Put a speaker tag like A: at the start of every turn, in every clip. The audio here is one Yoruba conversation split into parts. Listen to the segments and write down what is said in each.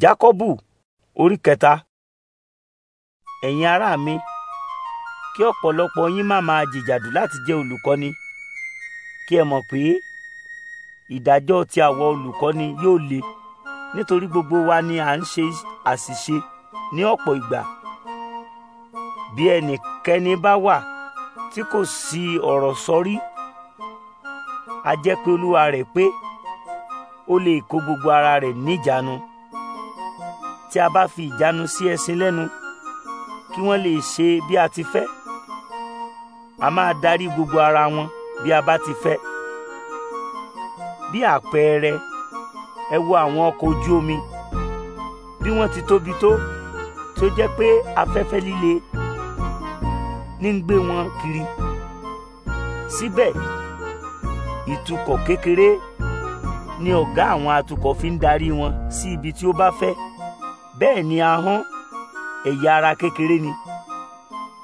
A: jákọ́bù orí kẹta ẹ̀yin ará mi kí ọ̀pọ̀lọpọ̀ yín má máa jìjàdù láti jẹ́ olùkọ́ni kí ẹ mọ̀ pé ìdájọ́ ti àwa olùkọ́ni yóò le nítorí gbogbo wa ni à ń ṣe àṣìṣe ní ọ̀pọ̀ ìgbà bí ẹnikẹ́ni bá wà tí kò sí ọ̀rọ̀ sọrí a jẹ́ pé olúwa rẹ̀ pé ó lè kó gbogbo ara rẹ̀ níjàánu tí a bá fi ìjánu sí ẹṣin lẹ́nu kí wọ́n lè ṣe bí a ti fẹ́ a máa darí gbogbo ara wọn bí a bá ti fẹ́ bí àpẹẹrẹ ẹ wo àwọn ọkọ̀ ojú omi bí wọ́n ti tóbi tó tó jẹ́ pé afẹ́fẹ́ líle ní ń gbé wọn kiri síbẹ̀ ìtukọ̀ kékeré ni ọ̀gá àwọn atukọ̀ fi ń darí wọn sí ibi tí ó bá fẹ́. bẹ́ẹ̀ ni ahọ́n ẹ̀yà ara kékeré ni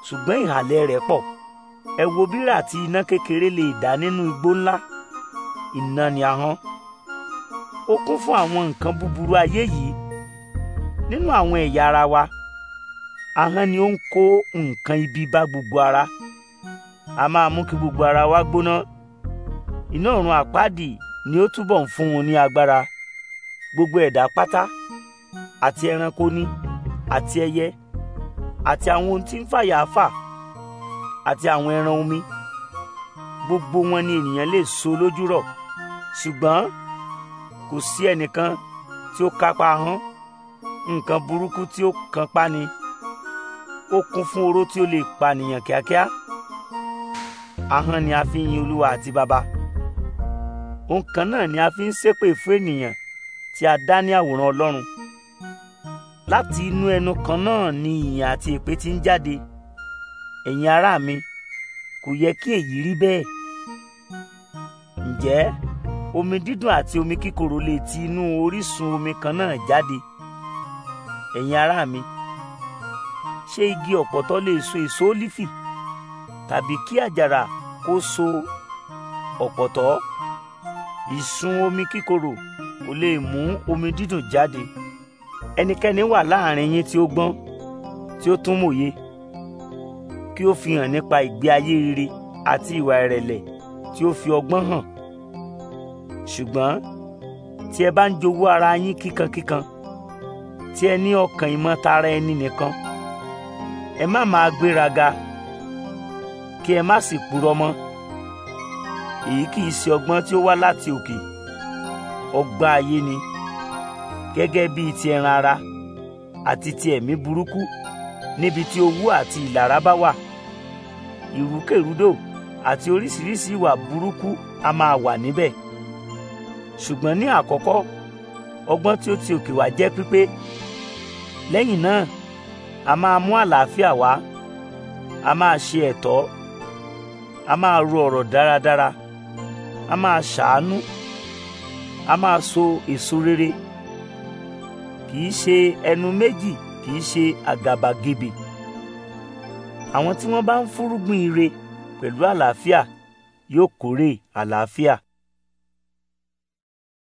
A: ṣùgbọ́n ìhàlẹ̀ rẹ̀ pọ̀ ẹ wo bírà tí iná kékeré lè dá nínú igbó ńlá iná ni ahọ́n ó kún fún àwọn nǹkan búburú ayé yìí nínú àwọn ẹ̀yà ara wa ahọ́n ni ó ń kó nǹkan ibi bá gbogbo ara a máa mú kí gbogbo ara wa gbóná iná ọ̀run àpáàdì ni ó túbọ̀ ń fún wọn ní agbára gbogbo ẹ̀dá pátá àti ẹranko ní àti ẹyẹ àti àwọn ohun tí ń fàyà fà àti àwọn ẹran omi gbogbo wọn ni ènìyàn lè so lójú rọ̀ ṣùgbọ́n kò sí ẹnìkan tí ó kápá ahọ́n nǹkan burúkú tí ó kan pa ni ó kún fún oró tí ó lè pànìyàn kíákíá ahọ́n ni a fi ń yin olúwa àti baba ohun kan náà ni a fi ń ṣépè fún ènìyàn tí a dá ní àwòrán ọlọ́run láti inú ẹnu kan náà ni ìyìn àti èpè ti ń jáde ẹ̀yin ará mi kò yẹ kí èyí rí bẹ́ẹ̀ ǹjẹ́ omi dídùn àti omi kíkorò lè ti inú orísun omi kan náà jáde ẹ̀yin ará mi ṣé igi ọ̀pọ̀tọ́ lè so èso ólífì tàbí kí àjàrà kó so ọ̀pọ̀tọ́ ìsun omi kíkorò kò lè mú omi dídùn jáde ẹnikẹ́ni wà láàrin yín tí ó gbọ́n tí ó tún mòye kí ó fi hàn nípa ìgbé ayé rere àti ìwà ìrẹ̀lẹ̀ tí ó fi ọgbọ́n hàn ṣùgbọ́n tí ẹ bá ń jowú ara yín kíkankíkan tí ẹ ní ọkàn ìmọ̀ ẹni nìkan ẹ má máa gbéraga kí ẹ má sì purọ́ mọ́ èyí kì í ṣe ọgbọ́n tí ó wá láti òkè ọgbọ́n ayé ni gẹ́gẹ́ bíi ti ẹran ara àti ti ẹ̀mí burúkú níbi tí owú àti ìlara bá wà ìrúkèrúdò àti oríṣiríṣi ìwà burúkú a máa wà níbẹ̀ ṣùgbọ́n ní àkọ́kọ́ ọgbọ́n tí ó ti òkè wá jẹ́ pípé lẹ́yìn náà a máa mú àlàáfíà wá a máa ṣe ẹ̀tọ́ a máa ro ọ̀rọ̀ dáradára a máa ṣàánú a máa so èso rere. E kì í ṣe ẹnu méjì kì í ṣe àgàbàgebè àwọn tí wọ́n bá ń fúrúgbìn ire pẹ̀lú àlàáfíà yóò kórè àlàáfíà.